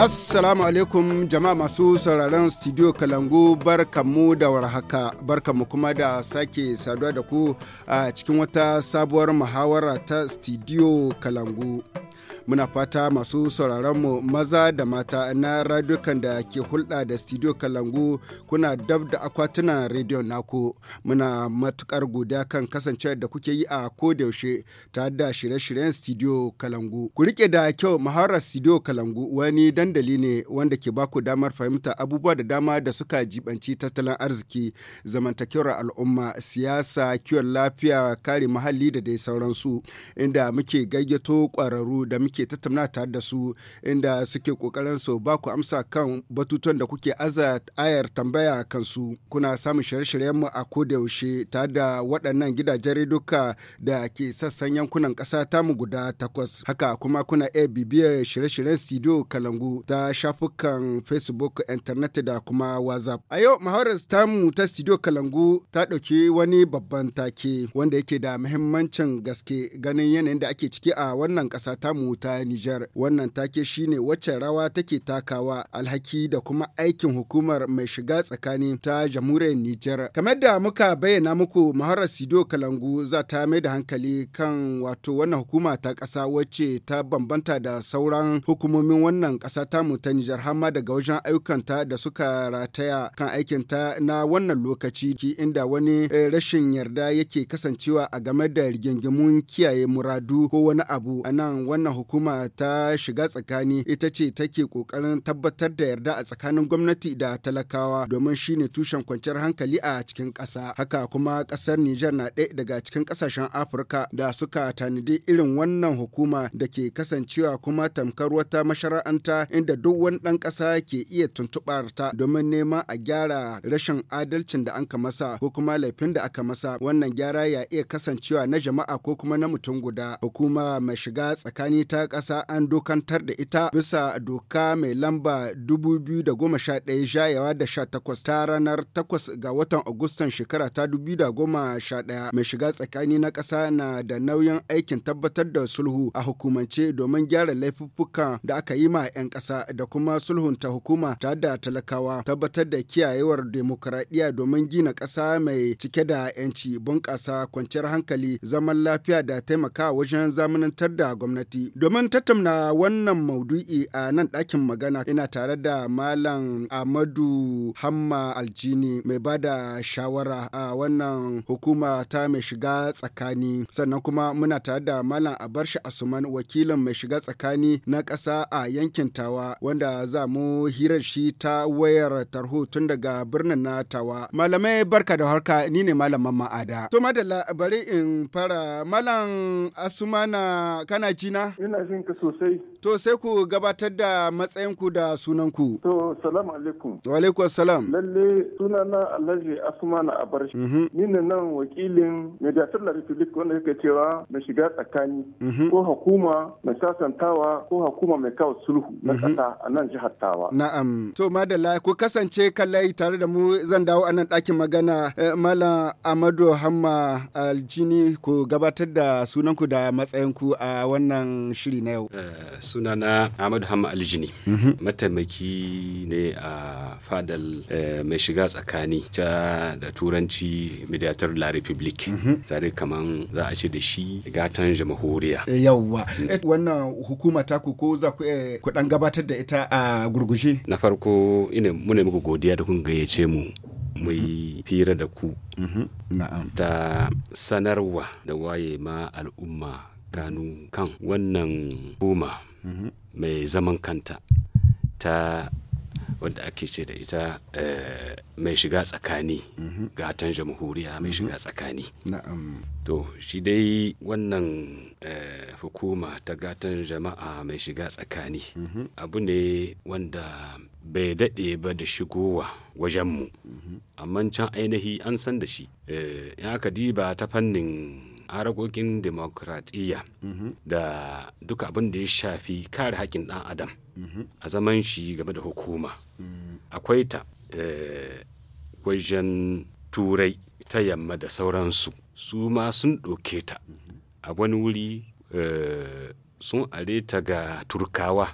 Assalamu alaikum jama'a masu sauraron studio Kalangu barkanmu da warhaka barkanmu kuma da sake saduwa da ku a cikin wata sabuwar muhawara ta studio Kalangu. muna fata masu sauraronmu maza da mata na radiokan da ke hulɗa da studio kalangu kuna dab da akwatunan rediyon naku muna matukar godiya kan kasancewar da kuke yi a kodayaushe ta da shirye-shiryen studio kalangu ku rike da kyau maharar studio kalangu wani dandali ne wanda ke baku damar fahimta abubuwa da dama da suka jibanci tattalin arziki zamantakewar al'umma siyasa kiwon lafiya kare muhalli da dai sauransu inda muke gayyato kwararru da muke muke tattauna tare da su inda suke kokarin su ba ku amsa kan batutuwan da kuke aza ayar tambaya kan kansu kuna samun shirye-shiryen mu a koda yaushe tare da waɗannan gidajen reduka da ke sassan yankunan ƙasa tamu guda takwas haka kuma kuna iya bibiyar shirye-shiryen studio kalangu ta shafukan facebook internet da kuma whatsapp a yau ta tamu ta studio kalangu ta ɗauki wani babban take wanda yake da muhimmancin gaske ganin yanayin da ake ciki a wannan ƙasa tamu ta Nijar. Wannan take shine wacce rawa take takawa alhaki da kuma aikin hukumar mai shiga tsakani ta jamhuriyar Nijar. Kamar da muka bayyana muku Mahara Sido Kalangu za ta mai da hankali kan wato wannan hukuma ta ƙasa wacce ta bambanta da sauran hukumomin wannan ƙasa mu ta Nijar har daga wajen ayyukanta da suka rataya kan aikinta na wannan lokaci inda wani eh, rashin yarda yake kasancewa a game da rigingimun kiyaye muradu ko wani abu a nan wannan hukuma ta shiga tsakani ita ce take kokarin tabbatar da yarda a tsakanin gwamnati da talakawa domin shine tushen kwanciyar hankali a cikin ƙasa haka kuma ƙasar Nijar na ɗaya daga cikin ƙasashen Afirka da suka tanadi irin wannan hukuma da ke kasancewa kuma tamkar wata mashara'anta inda duk wani ɗan ƙasa ke iya tuntuɓar ta domin nema a gyara rashin adalcin da an ka masa ko kuma laifin da aka masa wannan gyara ya iya kasancewa na jama'a ko kuma na mutum guda hukuma mai shiga tsakani ta ta ƙasa an dokantar da ita bisa doka mai lamba 2011 jayawa da 18 ta ranar 8 ga watan Agustan shekara ta 2011 mai shiga tsakani na ƙasa na da nauyin aikin tabbatar da sulhu a hukumance domin gyara laifuffukan da aka yi ma 'yan ƙasa da kuma sulhunta hukuma ta da talakawa tabbatar da kiyayewar demokuraɗiyya domin gina ƙasa mai cike da 'yanci bunƙasa kwanciyar hankali zaman lafiya da taimaka wajen zamanantar da gwamnati. Domin tattauna wannan maudu'i a nan ɗakin magana ina tare da Malam Ahmadu Hamma Aljini mai ba da shawara a wannan hukuma ta mai shiga tsakani. Sannan kuma muna tare da Malam Abarshi Asuman wakilin mai shiga tsakani na ƙasa a yankin Tawa wanda za mu hirar shi ta wayar tarho tun daga birnin na Tawa. Malamai barka da harka ni ne Malam Ma'ada. To madalla bari in fara Malam Asumana kana jina? Ina To sai ku gabatar da matsayinku da sunanku. To salamu alaikum. Wa alaikum salam. Lalle sunana Alhaji Asmana Abarshi. Mhm. Ni ne nan wakilin Mediator La Republic wanda yake cewa na shiga tsakani mhm. ko hukuma na sasantawa ko hukuma mai kawo sulhu na kasa mhm. a nan jihar Tawa. Na'am. To madalla ku kasance kallai tare da mu zan dawo a nan ɗakin magana eh, Malam Amadu Hamma Aljini ku gabatar da sunanku da matsayinku a wannan shirin. shiri na yau. Eh, sunana Ahmadu Hamma Aljini. Mhm. Mataimaki ne a fadal eh, mai shiga tsakani ta da turanci Mediator La Republic. Mhm. Tare kaman za a ce da shi gatan jamhuriya. Eh, Yawwa. Mm. Wannan hukuma ta ko za ku kudan gabatar da ita a gurgushe. Na farko ina muna muku godiya da kun gayyace mu. mu yi mhm. fira da ku ta sanarwa da waye ma al'umma kanu kan wannan hukuma. Mhm. mai zaman kanta ta wanda ake ce da ita eh, mai shiga tsakani mhm. gatan jamhuriya mai shiga mhm. tsakani to shi dai wannan eh, hukuma ta gatan jama'a mai shiga tsakani abu ne wanda bai daɗe ba da shigowa wajenmu amma can ainihi an san da shi eh, in aka diba ta fannin harakokin demokradiyya da duka abin da ya shafi kare haƙƙin ɗan adam a zaman shi game da hukuma akwai ta eh, wajen turai ta yamma da sauransu su ma sun ɗauke ta a wani wuri eh, sun are ta ga turkawa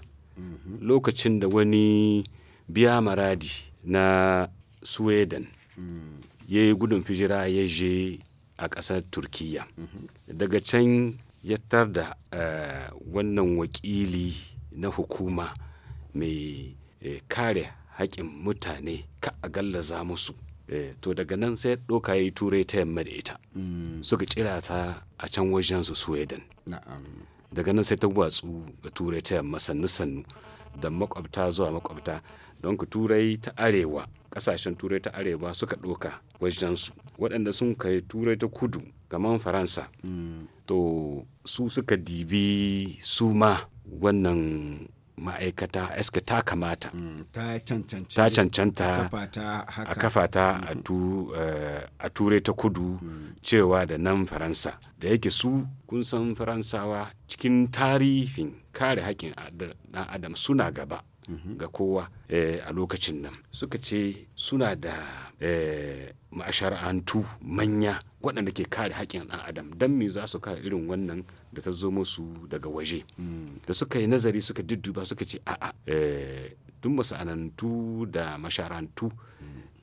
lokacin da wani biya maradi na sweden mm. ya yi gudun fijira ya je a ƙasar turkiya daga can ya tar da eh, wannan wakili na hukuma mai eh, kare haƙƙin mutane ka a gallaza musu eh, to daga nan sai ɗoka yi turai ta yamma da ita mm. suka cira ta a can wajen su sweden daga nan sai ta watsu ga turai ta yamma sannu sannu da makwabta zuwa makwabta don ku turai ta arewa kasashen turai ta arewa suka wajen su. waɗanda sun kai turai ta kudu kamar faransa mm. to su suka dibi su ma wannan ma'aikata eske ta kamata mm, ta cancanta a kafata mm. eh, a turai ta kudu cewa da nan faransa da yake su kun san faransawa cikin tarihin kare haƙƙin ɗan adam suna gaba ga kowa eh, a lokacin nan suka ce suna da eh, ma'ashara'antu manya waɗanda ke kare haƙƙin ɗan adam don me za su kare irin wannan da ta zo musu daga waje da suka yi nazari suka dudduba suka ce a'a tun eh, masana'antu da masharantu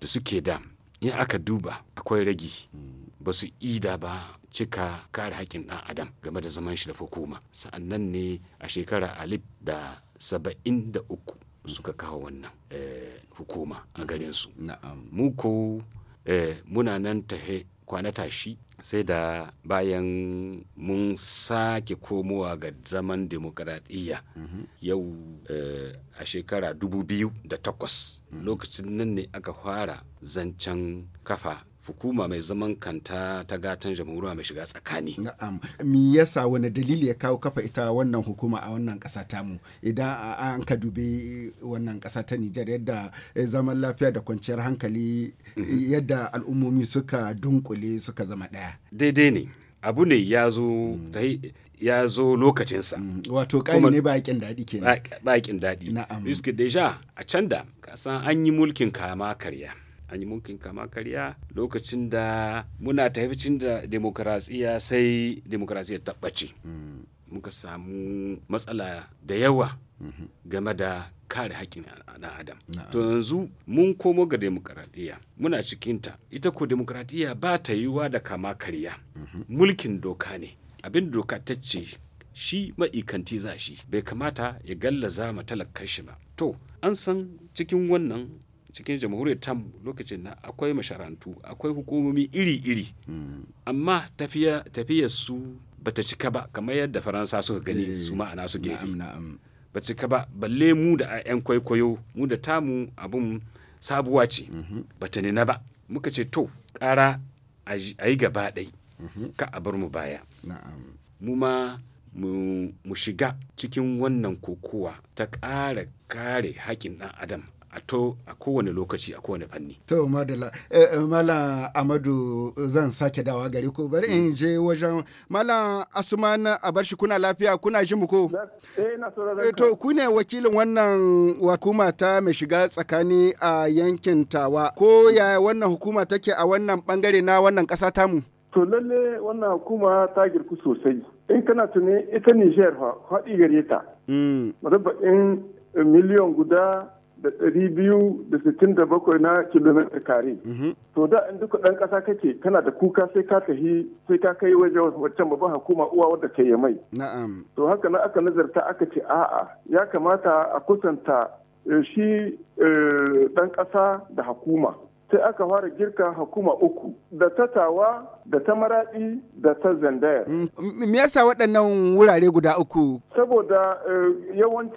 da suke da in aka duba akwai ragi ba su ida ba cika kare haƙƙin ɗan adam game da zaman shi da hukuma sa'annan ne a shekara alif da saba'in da uku suka kawo wannan eh, hukuma a garin su. mu ko eh, muna nan tahe kwana tashi sai da bayan mun sake komowa ga zaman demokradiyya mhm. yau eh, a shekara 2008 mhm. lokacin nan ne aka fara zancen kafa hukuma mai zaman kanta ta gatan jamhuriya mai shiga tsakani. Na'am, yasa wani dalili ya kawo kafa ita wannan hukuma a wannan ƙasa mu idan an ka dubi wannan ƙasa Nijar yadda zaman lafiya da kwanciyar hankali mhm. yadda al'ummomi suka dunkule suka zama ɗaya. Daidai ne, abu ne ya zo mm. ya zo lokacinsa. Mm. Wato ƙari ne baƙin daɗi kenan. Baƙin daɗi. Na'am. Deja a can da kasan an yi mulkin kama karya. an yi mulkin kama karya lokacin da muna taifacin da demokrasiya sai ta bace. muka samu matsala da yawa game da kare haƙƙin ɗan adam to yanzu mun komo ga demokaradiyya muna cikinta ita ko demokaradiyya ba ta yiwuwa da kama karya mulkin doka ne abin doka ta ce shi ma'ikanti za shi bai kamata ya gallaza ma talakashi ba to an san cikin wannan cikin jamhuriyar tam lokacin na akwai masharantu akwai hukumomi iri-iri mm. amma tafiyar su bata cika ba kamar yadda faransa suka gani eh, su ma'ana su gefe ba cika ba balle mu da 'yan kwaikwayo mu da tamu abun sabuwa ce mm-hmm. bata nina ba muka ce to kara a yi gaba ɗai mm-hmm. ka a bar mu baya mu ma mu shiga cikin wannan kokowa ta ƙara kare haƙƙin ɗan adam a to a kowane lokaci a kowane fanni. To madala eh, eh mala Amadu zan sake dawa gari ko bari in je wajen mala Asuman Abarshi kuna lafiya kuna ji mu ko? Eh, eh to ku ne wakilin wannan hukuma ta mai shiga tsakani a yankin Tawa ko ya wannan hukuma take a wannan bangare na wannan kasa tamu? To lalle wannan hukuma ta girku sosai. In kana tuni ita Niger fa faɗi gare ta. Hmm. in eh, miliyan guda da ɗari biyu da sittin da bakwai na kilomita kare. Mhm. To da in duka ɗan ƙasa kake kana da kuka sai ka tafi sai ka kai wajen wancan babban hukuma uwa wadda ke yi mai. To haka na aka nazarta aka ce a'a ya kamata a kusanta eh, shi eh, ɗan ƙasa da hukuma. sai aka fara girka hukuma uku da ta tawa da ta maraɗi da ta zandaya. Mm, me yasa waɗannan wurare guda uku? Saboda eh, yawan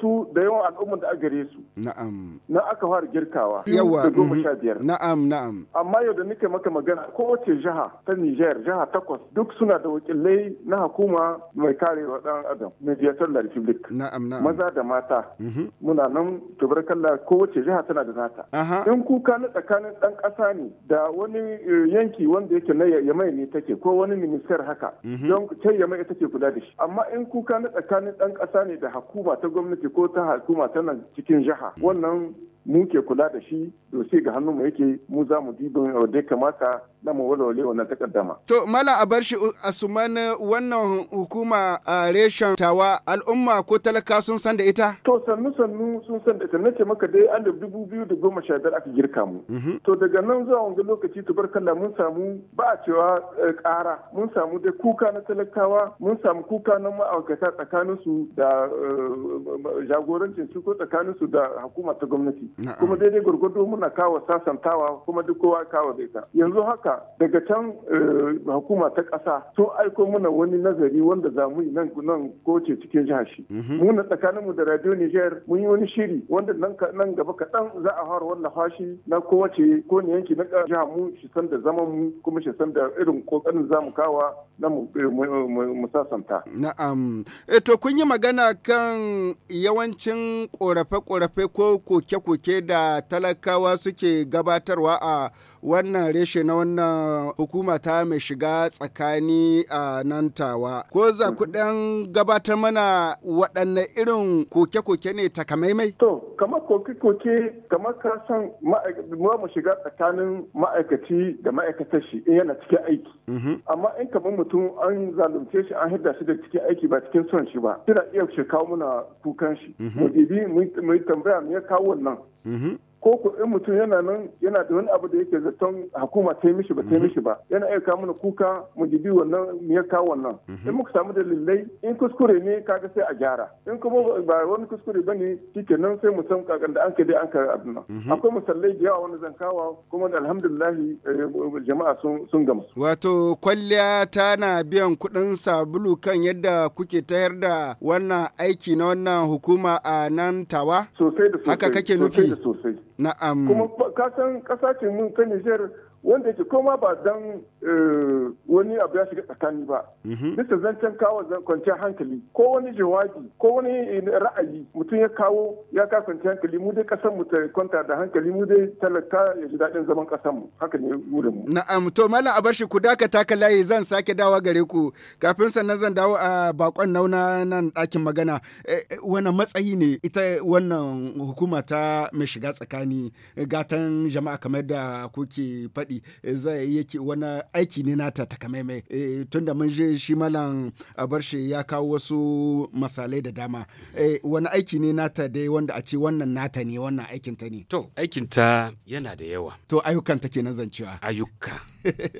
su da yawan al'ummar da a gare su. Na'am. Na aka fara girkawa. Yawa. Mm-hmm. Na'am na'am. Amma yau da nake maka magana kowace jiha ta Nijar jiha takwas duk suna da wakilai na hukuma mai kare wa ɗan adam mediator la republic. Na'am na'am. Maza da mata. Mm-hmm. Muna nan tubarkalla kowace jiha tana da nata. In kuka na tsakanin tsakanin ɗan ƙasa ne da wani eh, yanki wanda yake na yamai ne take ko wani ministar haka mhm. don can yamai ke kula da shi amma in kuka na tsakanin ɗan ƙasa ne da hukuma ta gwamnati ko ta hukuma tana cikin jiha mhm. wannan mu ke kula da shi sai ga hannun mu yake mu za mu dibin da kamata na mu walwale wannan takaddama. To mala a bar shi asuman wannan hukuma a reshen tawa al'umma ko talaka sun san da ita? To sannu sannu sun san da ita na ce maka dai alif dubu biyu da goma sha biyar aka girka mu. Mhm. To daga nan zuwa wanga lokaci tubarkala mun samu ba a cewa eh, ƙara mun samu dai kuka na talakawa mun samu kuka na ma'aikata tsakaninsu da eh, jagorancin su ko tsakaninsu da hukuma ta gwamnati. kuma daidai gwargwado muna kawo sasantawa kuma duk kowa kawo da ta yanzu haka daga can eh, hukuma ta ƙasa sun aiko muna wani nazari wanda za mu yi nan nan ce cikin jihar shi mhm. muna tsakaninmu da radio niger mun yi wani shiri wanda nan gaba kaɗan za a fara wannan fashi na kowace ko ne yanki na jihar mu shi san da zaman mu kuma shi san da irin kokarin za mu kawa na eh, mu sasanta na'am eh, to kun yi magana kan yawancin korafe-korafe ko koke-koke bincike da talakawa suke gabatarwa a wannan reshe na wannan hukuma ta mai shiga tsakani a nan tawa. Ko za kuɗin gabatar mana waɗanne irin koke-koke ne takamaimai? To, kamar koke-koke, kamar ka san mu shiga tsakanin ma'aikaci da ma'aikatar shi in yana cikin aiki. Mm-hmm. Amma in kamar mutum an zalunce shi an hidda shi da cikin aiki ba cikin son shi ba. kina iya shi kawo muna kukan shi. Mm-hmm. Mu mu tambaya mu ya kawo wannan. Mm-hmm. ko ku in mutum yana nan yana da wani abu da yake zaton hukuma ta mishi ba ta mhm. mishi ba yana iya kawo mana kuka mu jibi wannan mu ya kawo wannan mhm. in muka samu dalilai in kuskure ne kaga sai a gyara in kuma ba wani kuskure ba ne shike nan sai mu san kakan da an ka dai an ka abin mhm. akwai musallai da yawa wani zankawa kuma alhamdulillah eh, jama'a sun sun wato kwalliya tana biyan kuɗin sabulu kan yadda kuke tayar da wannan aiki na wannan hukuma a nan tawa sosai da kake nufi sosai Na'am. Kuma kasan kasa ce mun ta Nijar wanda yake koma ba dan eh, wani abu ya shiga tsakani ba mhm. bisa zancen kawo kwanciyar hankali ko wani jawabi ko wani eh, ra'ayi mutum ya kawo ya ka kwanciyar hankali mu dai kasan mu ta kwanta da hankali mu dai talaka ya ji daɗin zaman kasan mu haka ne wurin mu na'am to malam shi ku daka ka layi zan sake dawa gare ku kafin sannan zan dawo a bakon nauna nan ɗakin magana eh, wani matsayi ne ita wannan hukuma ta mai shiga tsakani gatan jama'a kamar da kuke faɗi faɗi eh, zai yake wani aiki ne nata takamaimai eh, tunda mun je shi malam abarshe ya kawo wasu masalai da dama eh, wani aiki ne nata dai wanda a ce wannan nata ne wannan aikin ta ne to aikin ta yana da yawa to ayyukan ta kenan zancewa ayyuka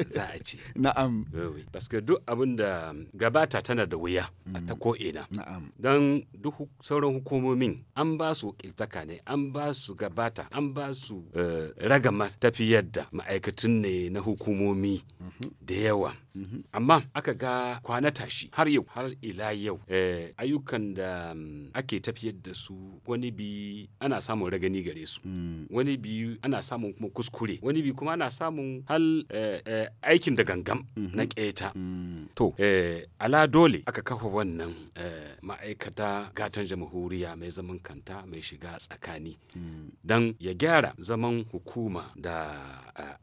za a ce na'am parce duk abin da gabata tana da wuya a ta mm. ko na'am dan duk sauran hukumomin an ba su kiltaka ne an ba su gabata an ba su eh, ragama tafi da ma'aikatun ne na hukumomi mm-hmm. da yawa mm-hmm. amma aka ga kwana tashi har yau har ila yau eh, ayyukan da mm, ake tafiyar da su wani bi ana samun ragani gare su mm. wani bi ana samun kuma kuskure wani bi kuma ana samun hal eh, Eh, aikin da gangam na keta mhm. mm. to eh, ala dole aka kafa wannan eh, ma'aikata gatan jamhuriya mai zaman kanta mai shiga tsakani mm. don ya gyara zaman hukuma da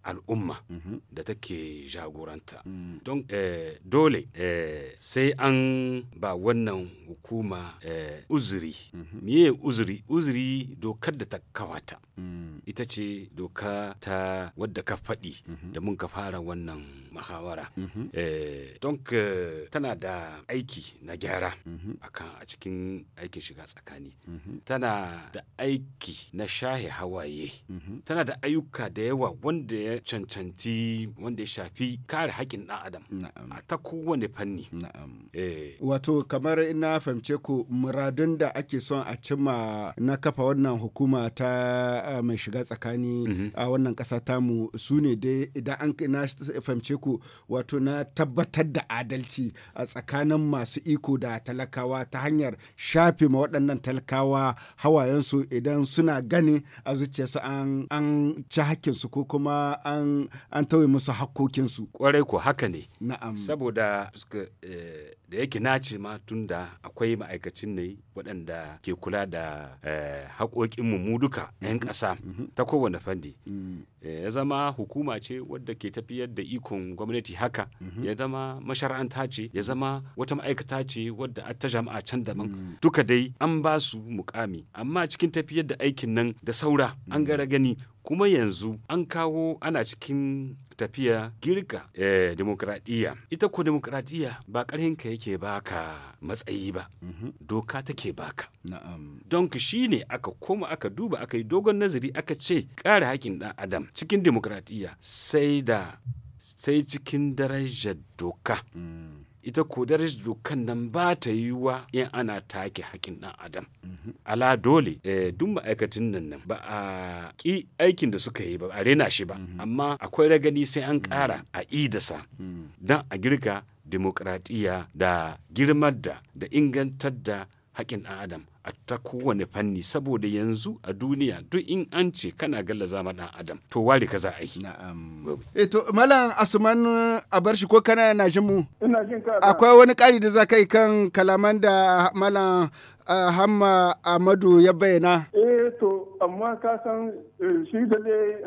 al'umma mhm. da take jagoranta mm. don dole sai an ba wannan hukuma uzuri mhm. miye uzuri uzuri dokar da ta kawata ita ce doka ta wadda ka faɗi da mun ka fara wannan muhawara. Mm-hmm. Eh, don tana da aiki na gyara mm-hmm. akan a cikin aikin shiga tsakani. Mm-hmm. Tana da aiki na shahe hawaye. Tana da ayyuka da yawa wanda ya cancanci wanda ya shafi kare haƙƙin ɗan adam. A ta kowane fanni. Eh. Wato kamar na fahimce ku muradun da ake son a cima na kafa wannan hukuma ta ah, mai shiga tsakani a wannan ƙasa tamu su ne dai idan an na fahimce ku wato na tabbatar da adalci a tsakanin masu iko da talakawa ta hanyar shafe ma waɗannan talakawa hawayensu idan suna gani a zuciyarsu an an ci hakkinsu ko kuma an tauye musu hakkokinsu. Kwarai ko haka ne. Na'am. Saboda eh, da yake nace ma tun da akwai ma'aikacin ne waɗanda ke kula da eh, haƙoƙinmu mu duka 'yan mm-hmm. ƙasa mm-hmm. ta kowane fanni mm. eh, ya zama hukuma ce wadda ke tafiyar da ikon gwamnati haka mm-hmm. ya zama mashara'anta ce ya zama wata ma'aikata ce wadda ta jama'a can daban mm. duka dai an ba su mukami amma cikin tafiyar da aikin nan da saura an mm. gara gani kuma yanzu an kawo ana cikin tafiya girka eh, demokradiyya ita ko demokradiyya ba ƙarhinka yake baka matsayi ba mhm. doka take baka ka. don shi ne aka koma aka duba aka yi dogon nazari aka ce ƙara haƙƙin ɗan adam cikin demokradiyya sai da sai cikin darajar doka mm. ita ko darajar dokan nan ba ta yiwuwa in ana take hakin ɗan adam ala dole eh, duk ma'aikatan nan nan ba a ki aikin da suka yi ba a rena shi ba amma akwai ragani sai an ƙara a idasa dan a girka demokradiyya da girmar da da ingantar da haƙin ɗan adam a ta kowane fanni saboda yanzu a duniya duk in an ce kana gallaza ma dan adam to wari ka za a yi eto eh, malam asuman a bar shi ko kana na jin mu akwai wani kari da za kai kan kalaman da ah, malam ah, hamma amadu ya bayyana eh to amma ka san eh, shi da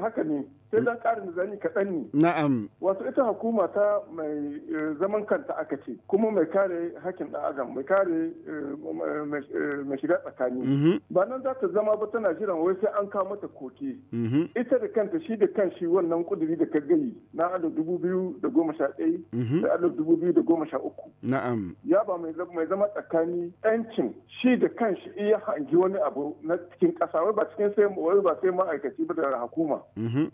haka ne sai dan karin zani kaɗan ne. Na'am. Wato ita hukuma ta mai eh, zaman kanta aka ce kuma mai kare hakkin ɗan adam mai kare eh, eh, mai shiga tsakani. Mm-hmm. Ba nan za ta zama ba tana jiran wai sai an kawo mata koke. Mm-hmm. Ita da kanta shi da kan shi wannan kuduri da ka gani na alif dubu biyu da goma sha ɗaya mm-hmm. da alif dubu biyu da goma sha uku. Na'am. Ya ba mai zama tsakani ɗancin shi da kan shi iya hangi wani abu na cikin ƙasa wai ba cikin sai sai ma'aikaci ba da hukuma.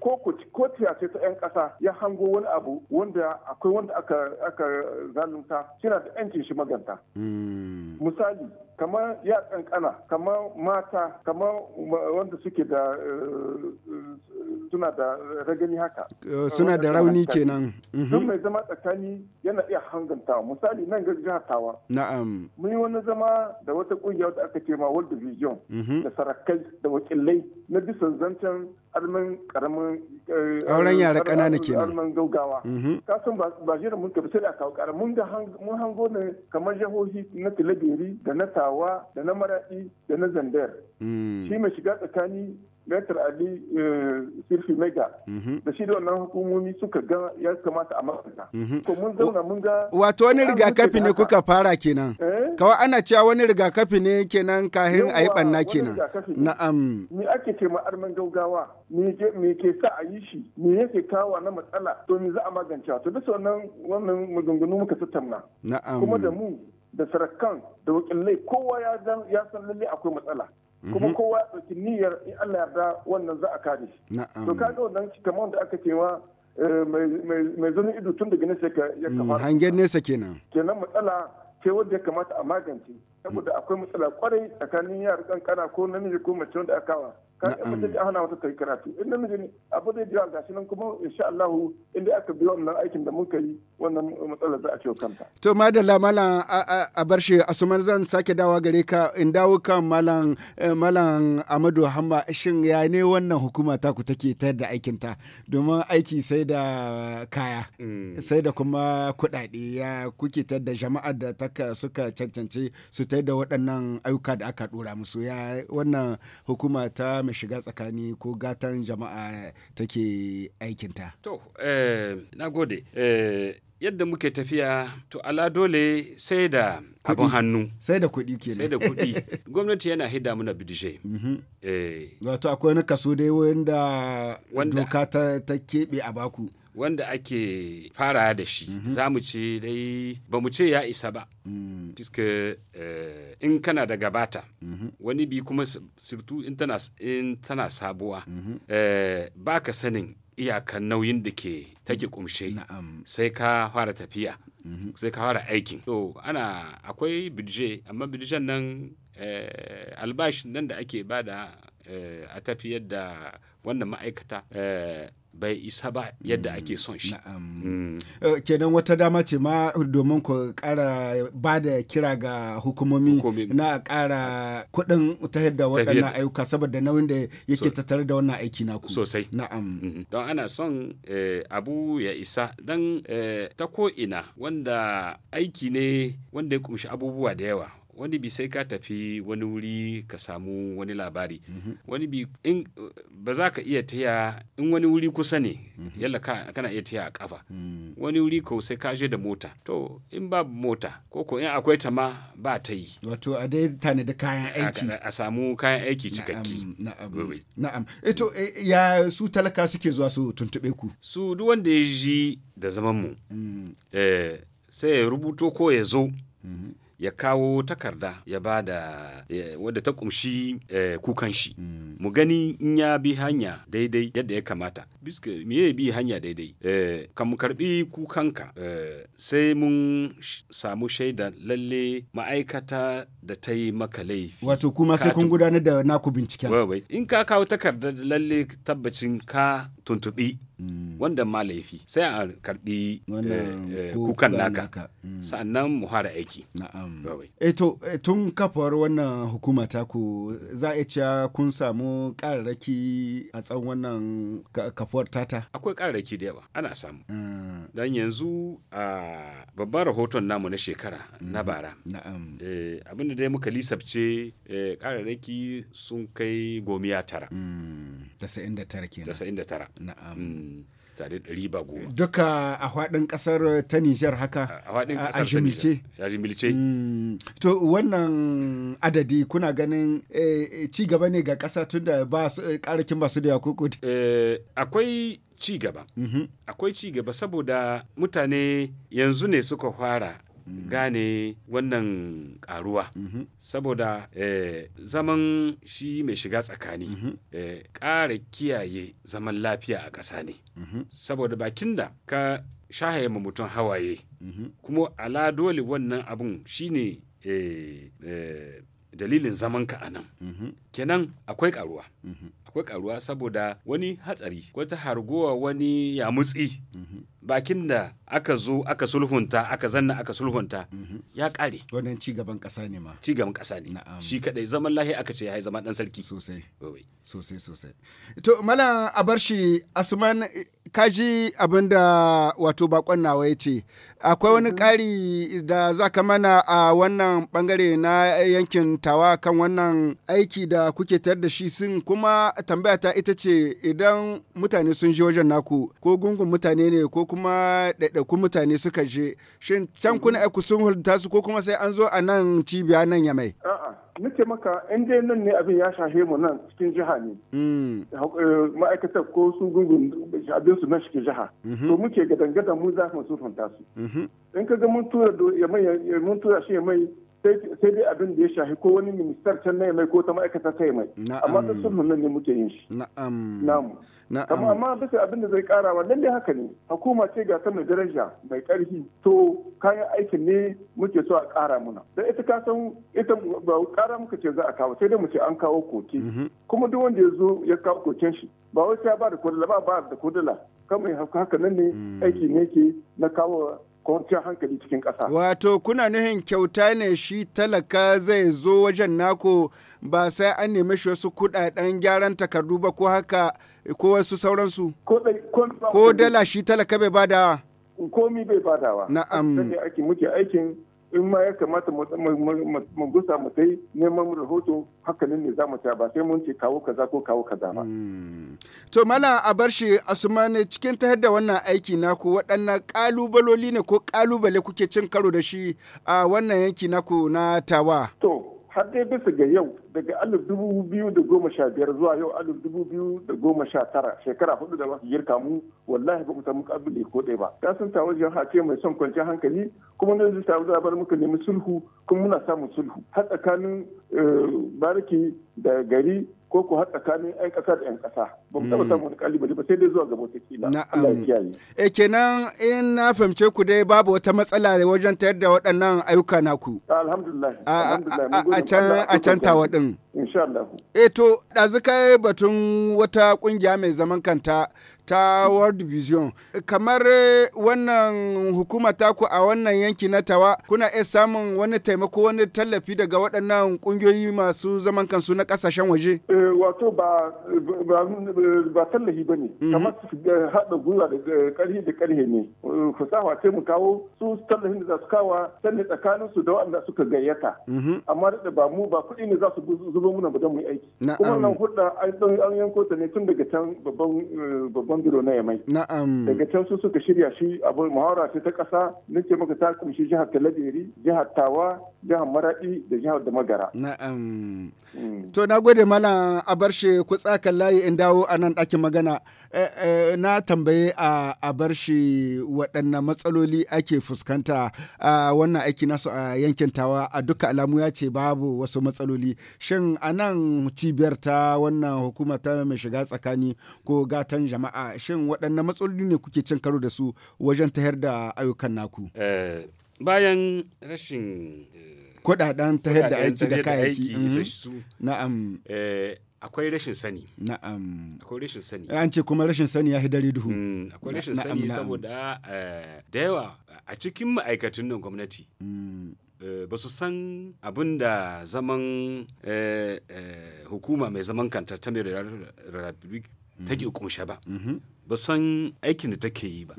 Ko ko ce ta 'yan ƙasa ya hango wani abu wanda akwai wanda aka zalunta shi na da 'yancin shi maganta hmm. misali kamar ya kankana kamar mata kamar wanda suke da eh, eh, suna da ragani haka eh, suna da rauni kenan don mhm. mai zama tsakani yana iya hangantawa misali nan ga jihatawa na'am mun yi wani zama da wata kungiya da aka ce ma world vision mhm. da sarakai da wakilai na bisan zancen armin karamin auren yara kanana kenan armin gaugawa mhm. kasan ba da mun ka sai da kawo karamin mun hango ne kamar jihohi na tilabiri da na tawa tawa da na maraɗi da na zandar mm. shi mai shiga tsakani metar ali eh, sirfi mega mm-hmm. da shi da wannan hukumomi suka ga ya kamata a makanta mm-hmm. to mun zauna mun ga wato wani rigakafi ne kuka fara kenan eh? kawai ana cewa wani rigakafi ne kenan kahin a yi ɓanna kenan na'am ni ake ce arman gaugawa me ke sa a yi shi me yake kawo na matsala to me za a magance to bisa wannan wannan maganganu muka tattauna na'am kuma da mu da sarakan da wakilai kowa ya san lalle akwai matsala kuma mhm. kowa ya ɗauki niyyar in Allah yarda wannan za a kare shi to kaga wannan kamar wanda aka ce wa eh, mai zanen ido tun daga nesa ya mm, kamata hangen nesa kenan kenan matsala ce wadda ya kamata a magance saboda akwai matsala kwarai tsakanin yara kankana ko namiji ko mace wanda aka kawa kan ga mace da hana wata yi karatu in namiji ne abu zai jiya gashi nan kuma insha Allah inda aka bi wannan aikin da muka yi wannan matsala za a ciwo kanta to madalla malam a bar shi asuman zan sake dawa gare ka in dawo kan malam eh, malam Amadu Hamma shin ya ne wannan hukuma ta ku take tayar da aikin ta domin aiki sai da kaya mm. sai da kuma kuɗaɗe ya kuke tayar da jama'ar da ta suka cancanci su ta da waɗannan ayyuka da aka ɗora musu ya wannan hukuma ta mai shiga tsakani ko gatan jama'a take aikinta. To, eh, na gode. Eh, yadda muke tafiya to ala dole sai da abin hannu sai da kuɗi ke sai da kuɗi gwamnati yana hidda muna bidije mhm. eh. wato akwai wani kaso dai wanda doka ta keɓe a baku wanda ake fara da shi mhm. za mu ce dai ba mu ce ya isa ba mm. fiske eh, in kana da gabata mhm. wani bi kuma sirtu in tana sabuwa mhm. eh, ba ka sanin iyakan nauyin da ke take kumshe sai ka fara tafiya sai ka fara aikin to ana akwai bidje amma bidjen nan eh, albashin nan da ake bada a tafiyar da wannan ma'aikata bai isa ba yadda ake son shi. Mm. Eh, kenan wata dama ce ma domin ku kara ba da kira ga hukumomi na kara kuɗin ta yadda waɗannan ayyuka saboda nauyin da yake tattare da wannan aiki naku. Sosai. Na'am. Mm-hmm. Don ana son eh, abu ya isa don eh, ta ko ina wanda aiki ne wanda ya kumshi abubuwa da yawa wani bi sai ka tafi wani wuri ka samu wani labari mhm. wani bi in ba za ka iya taya in wani wuri kusa ne mhm. yalla ka kana iya taya a kafa mm. wani wuri ko sai ka je da mota to in ba mota ko ko in akwai ta ma ba ta yi wato a dai tana da kayan aiki a samu kayan aiki cikakki na'am na'am eto eh eh, ya su talaka suke zuwa su tuntube ku su duk wanda ya ji da zaman mu mm. eh, sai ya rubuto ko ya zo Mm -hmm. ya kawo takarda ya ba da wadda ta kumshi eh, kukan shi mm. mu gani in ya bi hanya daidai yadda ya kamata biske ya bi hanya daidai eh, kan mu karbi kukanka eh, sai mun samu shaida lalle ma'aikata da ta yi maka wato kuma sai kun gudanar da naku binciken in ka kawo takardar lalle tabbacin ka tuntubi Mm. wanda ma laifi sai a karbi eh, eh, kukan naka mm. sa'annan mu fara aiki eto eh tun kafawar wannan hukuma ta ku za a cewa kun samu kararraki a tsawon wannan kafawar tata akwai kararraki da yawa ana samu ah. dan yanzu a babban rahoton namu na shekara na mm. bara abinda dai muka lisafce kararraki sun kai gomiya tara 99 kenan 99 na'am tare da riba goma. Duka a faɗin ƙasar ta Nijar haka? A faɗin ƙasar ta Nijar. A jimilce. Mm. To wannan adadi kuna ganin eh, ci gaba ne ga ƙasa tun da ba eh, ƙarakin ba su da yakuku. Eh, akwai ci gaba. Mm-hmm. Akwai ci gaba saboda mutane yanzu ne suka fara gane wannan karuwa mhm. saboda eh, zaman shi mai shiga tsakani mhm. eh, ƙara kiyaye zaman lafiya a ƙasa ne mhm. saboda bakin da ka shahaye ma mutum hawaye kuma ala dole wannan abun shine eh, dalilin zamanka a nan kenan akwai karuwa akwai karuwa saboda wani hatsari ko ta harguwa wani yamutsi bakin da aka zo aka sulhunta aka zanna aka sulhunta ya kare wannan ci gaban kasa ne ma ci gaban kasa ne shi kadai zaman lahi aka ce ya zama dan sarki sosai sosai sosai to mala a bar shi asman kaji abinda wato bakon nawa ya ce akwai wani kari mhm. da za ka mana a wannan bangare na yankin tawa kan wannan aiki da kuke tar da shi sun kuma tambaya ta ita ce idan mutane sun je wajen naku ko gungun mutane ne ko kuma ɗaiɗaikun mutane suka je shin can kuna aiku mm-hmm. sun hulunta su ko kuma sai an zo a nan cibiya nan ya mai. muke maka in dai nan ne abin ya shahe mu nan cikin jiha ne. Mm. Eh, ma'aikatar ko su gungun abin su nan cikin jiha. Mm-hmm. To muke gadan-gadan mu za mu sufanta su. Mm-hmm. In ka ga mun tura shi ya mai sai dai abin da ya shahi ko wani ministar can na mai ko ta ma'aikata ta mai amma ta sun hannun ne muke yin shi na'am amma bisa abin da zai kara wa lalle haka ne hukuma ce ga ta mai daraja mai karfi to kayan aikin ne muke so a kara muna dan ita ka san ita ba kara muka ce za a kawo sai dai mu ce an kawo koke mhm. kuma duk wanda ya zo ya kawo koken shi ba wai ta ba da kudula ba ba da kudula kamar haka nan ne mm. aiki ne ke na kawo kwanciyar hankali cikin ƙasa. Wato kuna nuhin kyauta ne shi talaka zai zo wajen nako ba sai an nemi shi wasu kuɗaɗen gyaran takardu ba ko haka ko wasu sauransu. Ko dala shi talaka bai badawa. Komi bai badawa. Na'am. Sai ake muke aikin in ma ya kamata mu gusa mu kai neman rahoto hakanin ne za mu ta ba sai mun ce kawo kaza ko kawo kaza ba. Hmm. To mana a bar shi Asumani cikin ta da wannan aiki naku waɗannan ƙalubaloli ne ko ƙalubale kuke cin karo da shi a wannan yanki naku na tawa. To har dai bisa ga yau daga alif dubu biyu da goma sha biyar zuwa yau alif dubu biyu da goma sha tara shekara hudu da masu girka mu wallahi ba ku samu kabili ko ɗaya ba ka san ta wajen hace mai son kwanciyar hankali kuma na yanzu tawo zabar muka nemi sulhu kuma muna samun sulhu har tsakanin eh, bariki da gari ko ku har tsakanin 'yan ƙasa da 'yan ƙasa ba mu taɓa mm. samun kalibali ba sai dai zuwa gaba wataƙila Allah ya kiyaye. E kenan in na fahimce ku dai babu wata matsala wajen tayar da waɗannan ayyuka naku. Ah, alhamdulillah. A can a can tawa ɗin. Insha Allah. E eh, to ɗazu kai batun wata ƙungiya mai zaman kanta ta world vision kamar eh, wannan hukuma taku a wannan yanki na tawa kuna iya samun wani taimako wani tallafi daga waɗannan ƙungiyoyi masu zaman kansu na ƙasashen waje eh, wato ba ba tallafi ba ne mhm. kamar su haɗa gwiwa da ƙarfi da ƙarfe ne fasaha ce mu kawo su tallafin da za su kawa sannan tsakanin su da waɗanda suka gayyata mhm. amma da ba mu ba kuɗi ne za su zubo muna ba don mu yi aiki kuma nan hulɗa an yanko ta ne tun daga can babban eh, babban na yamai na'am daga can su suka shirya shi abu muhawara ce ta kasa nace maka ta shi jihar talabiri jihar tawa jihar maradi da jihar da magara na'am mm. to na gode malam abarshe ku tsakan layi in dawo a nan ɗakin magana eh, eh, na tambaye a bar shi waɗanne matsaloli ake fuskanta a wannan aiki nasu a yankin tawa a duka alamu ya ce babu wasu matsaloli shin a nan cibiyar ta wannan hukumar ta mai shiga tsakani ko gatan jama'a a shin waɗannan matsaloli ne kuke cin karo da su wajen tayar da ayyukan naku eh, bayan rashin eh, kuɗaɗen tayar da aiki da kayayyaki mhm. na'am eh, akwai rashin sani na'am akwai rashin sani an ce kuma rashin sani ya hidari duhu mm, akwai rashin sani saboda da yawa a cikin ma'aikatun nan gwamnati mm. ba su san abin da zaman hukuma mai zaman kanta ta mai ta ke kunshe ba mhm. ba san aikin da take yi ba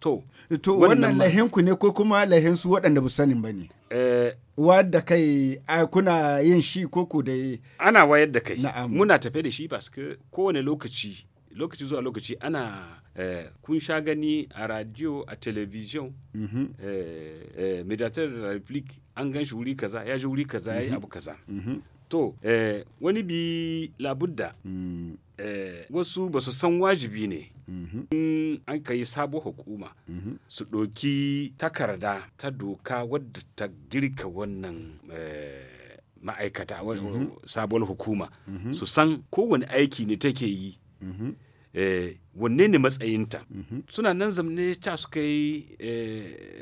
to to wannan lahin ku ne ko kuma lahin su waɗanda ba sanin ba ne eh, wadda kai kuna yin shi ko ku da ana wayar da kai muna tafe da shi su kowane lokaci lokaci zuwa lokaci ana eh, kun sha gani a radio a television mm -hmm. eh, eh an gan shi wuri kaza ya ji wuri kaza ya yi mhm. abu kaza mhm. to eh, wani bi labudda mm. eh, wasu ba su san wajibi ne mm-hmm. in mm -hmm. an ka yi sabo hukuma mm-hmm. su ɗoki takarda ta doka wadda ta girka wannan eh, ma'aikata mm -hmm. sabuwar hukuma mm su san kowane aiki ne take yi mm -hmm. eh, wanne ne matsayinta suna nan zamne ta suka yi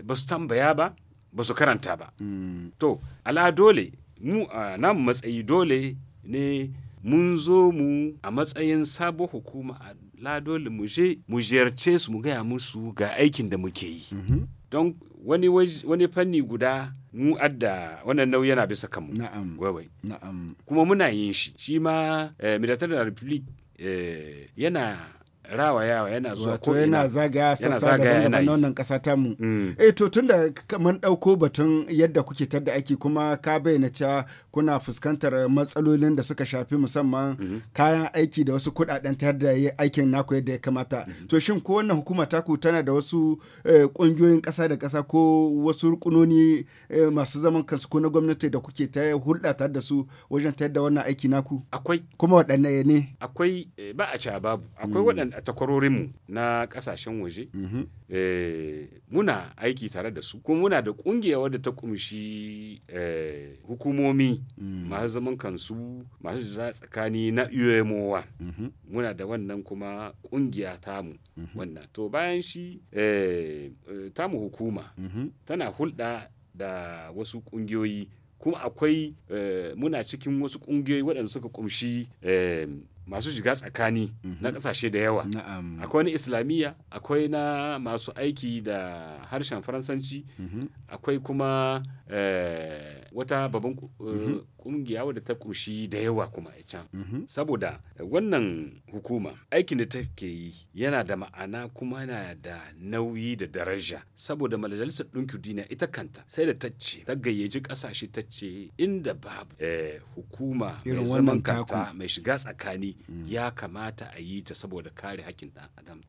ba su tambaya ba ba su karanta ba mm. to ala dole mu a nan matsayi dole ne mun zo mu a matsayin sabon hukuma a ladole mu mu ziyarce su mu gaya musu ga aikin da muke yi mhm. don wani fanni guda mu adda wannan nau yana bisa kanmu na'am wai na'am kuma muna yin shi shi ma eh, da republic eh, yana rawayawa yana zuwa ko yana zagaya sassa daban-daban na wannan ƙasa ta mu mm. eh to tunda man ɗauko batun yadda kuke tadda aiki kuma ka bayyana cewa kuna fuskantar matsalolin da suka shafi musamman mm-hmm. kayan aiki da wasu kuɗaɗen tayar da aikin naku yadda ya kamata mm-hmm. to shin ko wannan hukuma ku tana da wasu eh, ƙungiyoyin ƙasa da ƙasa ko wasu rukunoni eh, masu zaman kansu ko na gwamnati da kuke ta hulɗa tare da su wajen tayar da wannan aiki naku akwai kuma waɗanne ne akwai eh, ba a ca babu akwai mm a takwarorinmu na kasashen waje mm-hmm. eh, muna aiki tare da su kuma muna da kungiya wadda ta kumshi eh, hukumomi mm. masu zaman kansu masu za tsakani na umowa mm-hmm. muna da wannan kuma kungiya tamu mm-hmm. wannan to bayan shi eh, tamu hukuma tana hulɗa da wasu kungiyoyi kuma akwai muna cikin wasu kungiyoyi waɗanda suka kumshi masu shiga tsakani na kasashe mhm. da yawa akwai na islamiyya akwai na masu aiki da harshen faransanci mhm. akwai kuma eh, wata babban kungiya eh, mhm. wadda ta ƙunshi da yawa kuma a can saboda wannan hukuma aikin da take yi yana da ma'ana kuma yana da nauyi da daraja saboda majalisar ɗinkin duniya ita kanta sai da tacce ta gayyaci ƙasashe tacce inda babu eh, hukuma mai zaman kanta mai shiga tsakani ya kamata a yi ta saboda kare hakkin dan adam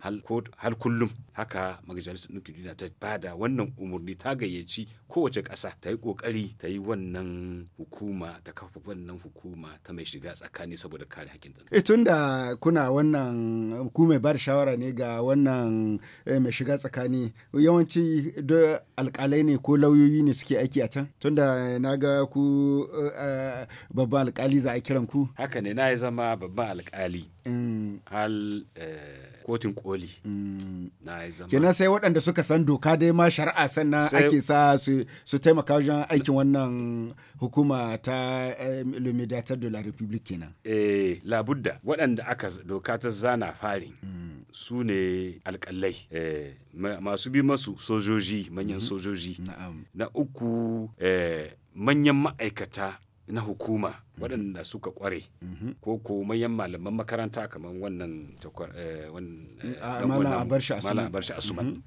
har kullum haka majalisar ɗinkin duniya ta bada wannan umarni ta gayyaci kowace ƙasa ta yi ƙoƙari ta yi wannan hukuma ta kafa wannan hukuma ta mai shiga tsakani saboda kare hakkin dan adam. Eh, tun da kuna wannan hukumai ba da shawara ne ga wannan eh, mai shiga tsakani yawanci da alƙalai ne ko lauyoyi ne suke aiki a can tun da na ga ku eh, babban alƙali za a kiran ku. haka ne na ya zama babban alkali mm. hal eh, kotun koli mm. na zama kenan sai waɗanda suka san doka dai ma shari'a sannan ake sa su taimaka wajen aikin wannan hukuma ta eh, lumidatar da la republic kenan eh labudda waɗanda aka doka ta zana fari mm. su ne alkalai eh, masu bi masu sojoji manyan mm-hmm. sojoji na uku manyan ma'aikata na hukuma waɗanda suka kware mhm. ko ko manyan malaman makaranta kamar wannan eh, eh, ah, malam abarshi mhm. asuman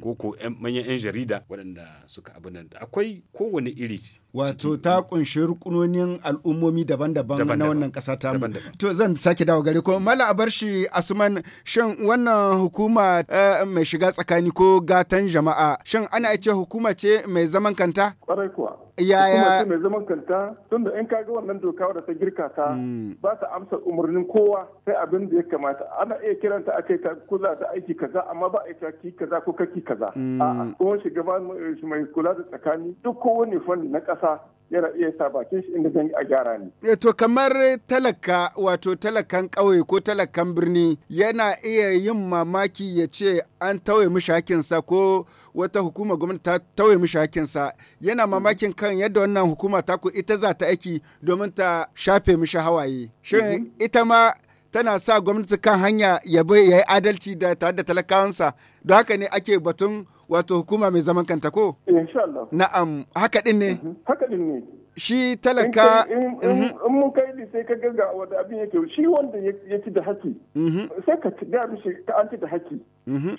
ko ko manyan 'yan jarida waɗanda suka abu da akwai kowane iri wato ta kunshi rukunonin al'ummomi daban-daban na wannan ƙasa ta to zan sake dawo gare ko mala abar shi asuman shin wannan hukuma eh, mai shiga tsakani ko gatan jama'a shin ana ce hukuma ce mai zaman kanta kwarai kuwa yaya mai zaman kanta tun da in kaga wannan doka da ta girka ta mm. ba ta amsa umarnin kowa sai abin da ya kamata ana iya kiranta a kai kula da aiki kaza amma ba a yi ki kaza ko kaki kaza mm. a'a kuma shugaba eh, mai kula da tsakani duk kowane fanni na ƙasa yana iya sa bakin shi inda zan a gyara ne. Eh to kamar talaka wato talakan ƙauye ko talakan birni yana iya yin mamaki ya ce an tauye mishi hakinsa ko wata hukuma gwamnati ta tauye mishi hakinsa yana mm-hmm. mamakin kan yadda wannan hukuma ta ku ita za ta aiki domin ta shafe mishi hawaye. Shin mm-hmm. ita ma tana sa gwamnati kan hanya ya yi adalci da tare da talakawansa don haka ne ake batun wato hukuma mai zaman kanta ko? Eh, insha Allah. Na'am, haka din ne? Mhm, haka din ne. Shi talaka mhm. in mun kai da sai ka a wanda abin yake shi wanda ya ci da haki. Mhm. Sai ka ga mishi ka an ci da haki.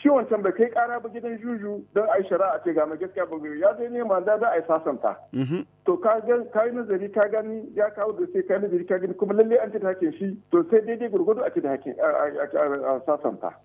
Shi wancan bai kai kara ba gidan juju don a yi shari'a ce ga mai gaskiya ba ya zai neman da za a yi sasanta. To ka yi nazari ka gani ya kawo da sai ka yi nazari ka gani kuma lalle an ci da haki shi to sai daidai gurgudu a ci da haki a sasanta.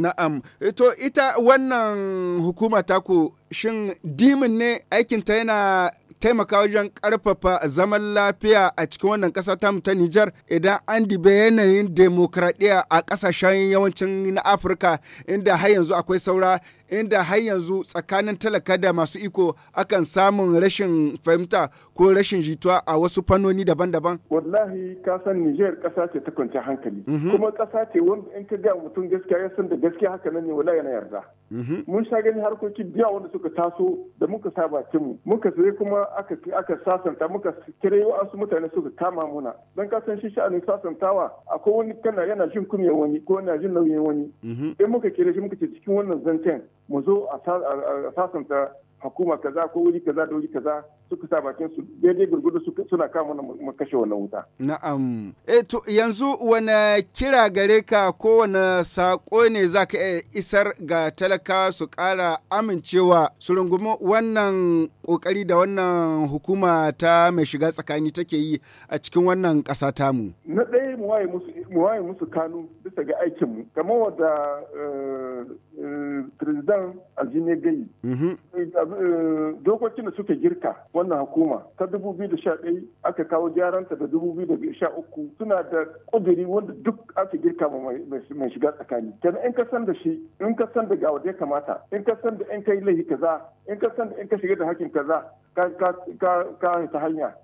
Na'am, eh, to ita wannan hukuma ta ku. shin dimin ne aikinta yana taimaka wajen karfafa zaman lafiya a cikin wannan kasa tamu ta Nijar idan an dibe yanayin demokradiyya a kasashen yawancin na Afirka inda har yanzu akwai saura inda har yanzu tsakanin talaka da masu iko akan samun rashin fahimta ko rashin jituwa a wasu fannoni daban-daban? Wallahi ka san Nijar ƙasa ce ta kwanci hankali. Mhm. Kuma ƙasa ce wanda in ka ga mutum gaskiya ya san da gaskiya haka nan ne wallahi yana yarda. Mhm. Mun sha gani harkoki biya wanda suka suka taso da muka sa mu muka sai kuma aka aka sasanta muka kire wasu mutane suka kama muna dan ka san shi sha'anin sasantawa akwai wani kana yana jin kunya wani ko yana jin nauyin wani mhm. idan muka kire shi muka ce cikin wannan zancen mu zo a sasanta hukuma kaza ko wuri kaza da wuri kaza suka sa bakin su daidai gurgudu suna kama na makashe wannan wuta. Na'am. E to yanzu wani kira gare ka ko wani sako ne za ka e, isar ga talaka su kara amincewa su rungumi wannan kokari da wannan hukuma ta mai shiga tsakani take yi a cikin wannan ƙasa tamu. Na ɗaya mu waye musu kanu bisa ga aikinmu kamar wadda eh, Firistan eh, Azine Gayi. Mhm. Eh, eh, dokokin da suka girka wannan hukuma ta 2011 aka kawo gyaranta da 2013 suna da ƙudiri wanda duk aka girka mai shiga tsakani. Kenan in ka san da shi, in ka san da gawa ya kamata, in ka san da in ka yi laihi kaza, in ka san da in ka shiga da hakin kaza, ka ta hanya.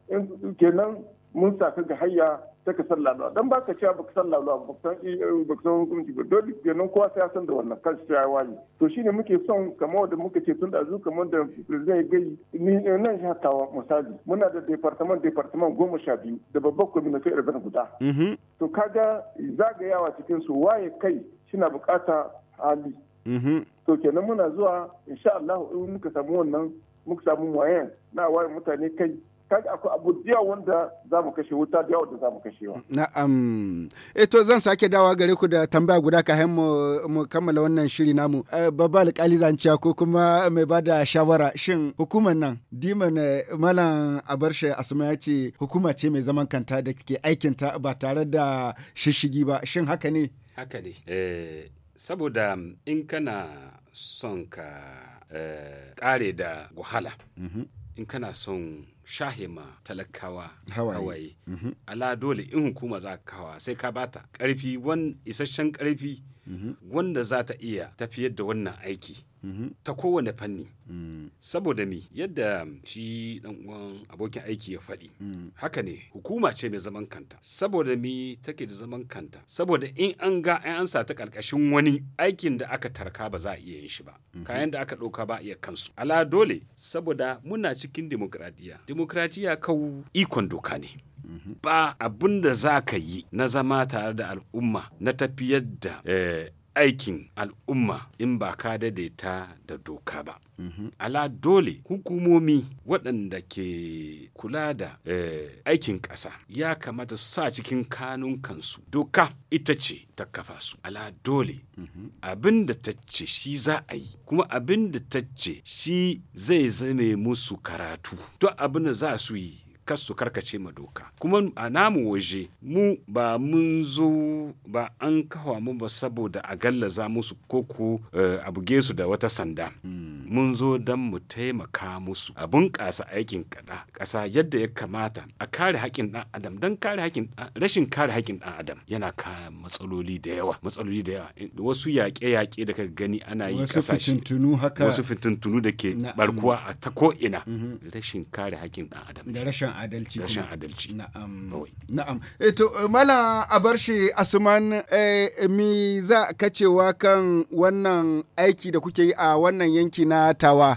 Kenan mun sa ga hanya sai ka san laluwa dan baka cewa baka san laluwa baka san eh, baka san hukunci ba dole kenan kowa sai ya san da wannan kan shi ya wani to shine muke son kamar da muka ce tun da zu kamar da zai gai ni eh, nan shi hatawa misali muna da department department goma sha biyu da babban community bana guda mm-hmm. to kaga zagayawa cikin su waye kai shina bukata hali mm-hmm. to kenan muna zuwa insha Allah in muka samu wannan muka samu wayan na waye mutane kai Kaji akwai abu da wanda za mu kashe wuta da yawa da za mu wa. Na'am. Eto eh zan sake dawa gare ku da tambaya guda ka mu mu kammala wannan shiri namu. Eh, babba alƙali zanciya ko kuma mai ba da shawara shin hukumar nan Diman Malam Abarshe Asma ya ce hukuma ce mai zaman kanta da ke aikinta ba tare da shishigi ba shin haka ne? Haka ne. Eh, saboda in kana son ka eh, kare da wahala. Mm -hmm. In kana son shahima talakawa hawaye mm-hmm. ala dole in hukuma za ka kawa sai ka bata karfi wani isasshen karfi mm-hmm. wanda za ta iya tafiyar da wannan aiki ta kowane fanni mm. saboda mi. yadda shi ɗan uwan abokin aiki ya faɗi mm. haka ne hukuma ce mai zaman kanta saboda mi take da zaman kanta saboda in an ga an sa ta karkashin wani aikin da aka tarka ba za a iya yin shi ba mhm. kayan da aka ɗauka ba iya kansu ala dole saboda muna cikin demokradiyya demokradiyya kau ikon doka ne mhm. ba abin da za ka yi na zama tare da al'umma na tafiyar da eh, aikin al'umma in ba ka daidaita da doka ba. Mhm. Ala dole hukumomi waɗanda ke kula da eh, aikin ƙasa ya kamata su sa cikin kanun kansu doka ita ce ta kafa su. Ala dole mhm. abin da ta ce shi za a yi kuma abin da ta ce shi zai zame musu karatu. To abin da za su yi kar su karkace ma doka kuma a namu waje mu ba mun zo ba an kawa mu ba saboda a gallaza musu ko ku eh, a buge su da wata sanda hmm. mun zo don mu taimaka musu a bunƙasa aikin kada ƙasa yadda ya kamata a kare haƙƙin ɗan adam don kare haƙin rashin kare haƙƙin ɗan adam yana ka matsaloli da yawa matsaloli da yawa wasu yaƙe-yaƙe da ka gani ana yi ƙasashe wasu fitintunu da ke barkuwa a ta ko'ina mhm. rashin kare haƙƙin ɗan adam da rashin adalci rashin adalci na'am na'am e eh, eh, mala abarshe asuman eh, mi za ka cewa kan wannan aiki da kuke yi a wannan yanki na tawa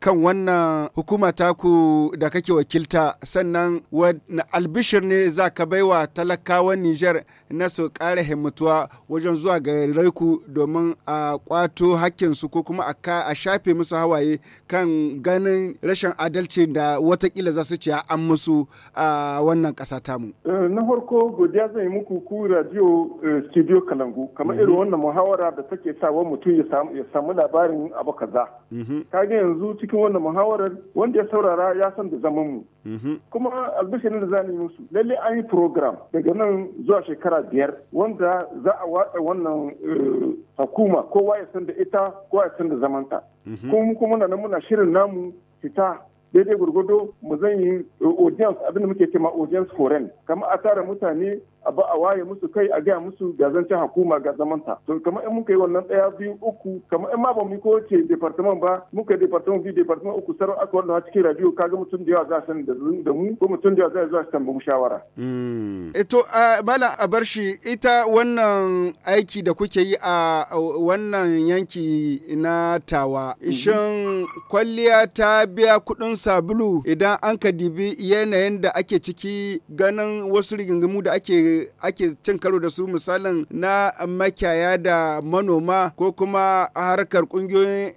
kan wannan hukuma taku da kake wakilta sannan wani albishir ne za ka baiwa talakawan Nijar na su kare himmatuwa wajen zuwa ga raiku domin a kwato hakkinsu ko kuma a shafe musu hawaye kan ganin rashin adalci da watakila za su ce an musu a wannan ƙasa tamu. Eh, na farko godiya zai muku ku radio eh, studio Kalangu kamar irin mhm. wannan muhawara da take sawa mutum ya samu labarin abu kaza. Mhm. Kage yanzu cikin wannan muhawarar wanda ya saurara ya san da zaman mu. Mhm. Kuma albishirin da zani musu lalle an yi program daga nan zuwa shekara biyar wanda za a watsa wannan eh, hukuma kowa ya san da ita kowa ya san da zamanta. Kuma kuma muna shirin namu fita daidai gurgudu mu zan yi audience abinda muke cewa audience foreign kamar a tara mutane a ba a waye musu kai a gaya musu ga zancen hukuma ga ta to kamar in muka yi wannan daya biyu uku kamar in ma ba mu ko ce department ba muka department biyu department uku sarau aka wannan cikin radio kaga mutum da yawa za san da da mu ko mutum da yawa zai zuwa tambayi shawara hmm. eh to mala a bar shi ita wannan aiki da kuke yi a wannan yanki na tawa mhm. shin kwalliya ta biya kudin sabulu idan an ka dibi yanayin da ake ciki ganin wasu rigingimu da ake ake cin karo da su misalin na makiyaya da manoma ko kuma a harkar kungiyoyi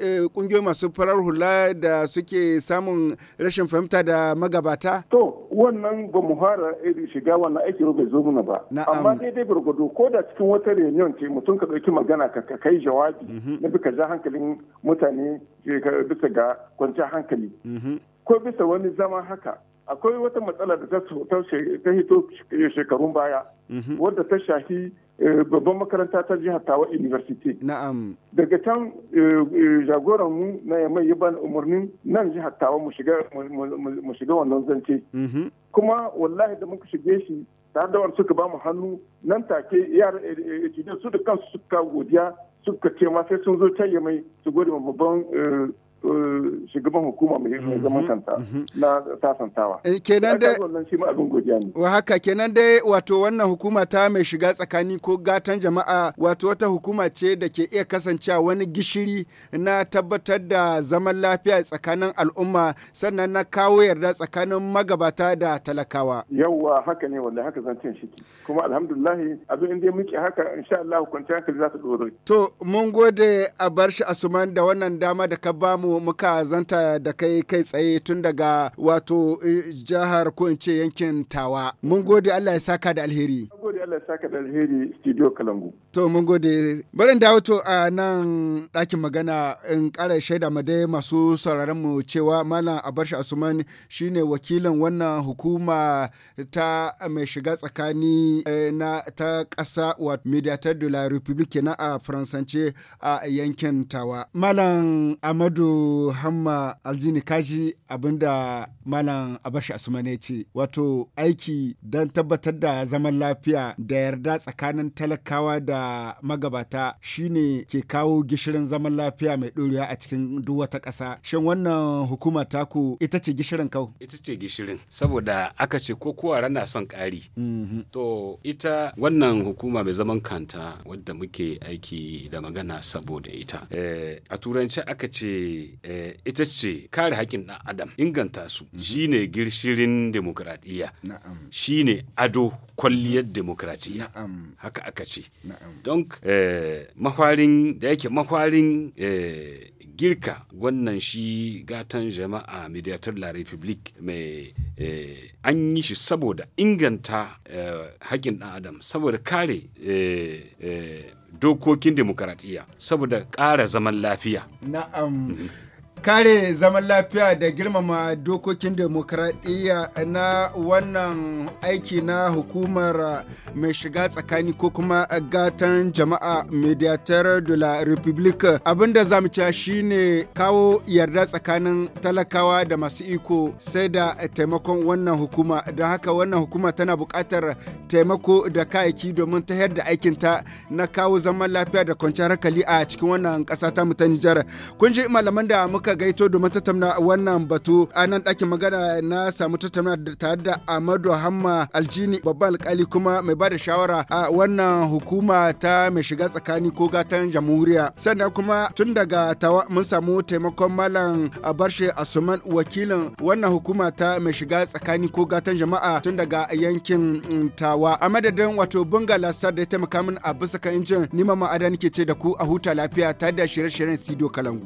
eh, eh, masu farar hula da suke samun rashin fahimta da magabata? To, wannan ba mu fara iri shiga wannan aiki bai zo muna ba. Amma daidai gwargwado ko da cikin wata reunion ce mutum ka ɗauki magana ka kai jawabi mhm. na bi ka ja hankalin mutane bisa ga kwanciyar hankali. Mhm. Ko bisa wani zama haka akwai wata matsala da ta hito shekarun baya mhm. wadda ta shafi eh, babban makaranta ta jihar tawa university na'am daga can eh, eh, jagoran mu na yamma ya bani umarnin nan jihar tawa mu shiga wannan zance mhm. kuma wallahi da muka shige shi tare da wani suka ba mu hannu nan take yara su da kansu suka godiya suka ce ma sai sun zo can yamai su gode babban Eh, shugaban hukuma mai yin mhm, zaman kanta mhm. na sasantawa. Eh, kenan dai wa haka kenan dai wato wannan hukuma ta mai shiga tsakani ko gatan jama'a wato wata hukuma ce da ke iya kasancewa wani gishiri na tabbatar da zaman lafiya tsakanin al'umma sannan na kawo yarda tsakanin magabata da talakawa. Yawwa haka ne wallahi haka zan cin shi kuma alhamdulillah abin inda muke haka insha Allah kwanciyar hankali za ta dore. To mun gode a bar shi asuman da wannan dama da ka bamu muka zanta da kai kai tsaye tun daga wato eh, jihar ko in ce yankin Tawa. Mun gode Allah ya saka da alheri. Mun gode Allah ya saka da alheri studio Kalangu. To mun gode. Barin da wato a nan ɗakin magana in ƙara shaida ma dai masu sauraron mu cewa Malam Abarshi Asuman shine wakilin wannan hukuma ta mai shiga tsakani eh, na ta ƙasa wa Mediator de la République na a Faransance a yankin Tawa. Malam Amadu Hamma Aljini Kaji abinda Malam Abarshi Asuman ya ce wato aiki don tabbatar da zaman lafiya da yarda tsakanin talakawa da a magabata shine ke kawo gishirin zaman lafiya mai ɗorewa a cikin duk wata ƙasa. Shin wannan hukuma taku ita ce gishirin kau? Ita ce gishirin saboda aka ce ko kowa rana son ƙari. Mm-hmm. To ita wannan hukuma mai zaman kanta wadda muke aiki da magana saboda ita. Eh, a turanci aka ce eh, ita ce kare haƙƙin ɗan adam inganta su mm-hmm. shine girshirin demokradiyya shine ado kwalliyar demokratiya haka aka ce don eh, mafarin da yake mafarin eh, girka wannan shi gatan jama'a mediator la republic mai eh, an yi shi saboda inganta haƙƙin ɗan adam saboda kare dokokin demokratiya saboda ƙara zaman lafiya na'am mhm. kare zaman lafiya da girmama dokokin demokradiyya na wannan aiki na hukumar mai shiga tsakani ko kuma gatan jama'a mediator de la republique abinda za mu cewa shine kawo yarda tsakanin talakawa da masu iko sai da taimakon wannan hukuma don haka wannan hukuma tana buƙatar taimako da kayaki domin ta da aikinta na kawo zaman lafiya da kwanciyar hankali a cikin wannan ƙasa ta mu ta Nijar kun ji malaman da muka muka gaito domin tattauna wannan batu a nan ɗakin magana na samu tattauna tare da Amadu Hamma Aljini babban alkali kuma mai bada shawara a wannan hukuma ta mai shiga tsakani ko gatan jamhuriya. Sannan kuma tun daga tawa mun samu taimakon malam Barshe Asuman wakilin wannan hukuma ta mai shiga tsakani ko gatan jama'a tun daga yankin mm, tawa. A madadin wato bunga lasar da ya taimaka min a bisa kan injin nima ma'ada ke ce da ku a huta lafiya tare da shirye-shiryen studio kalangu.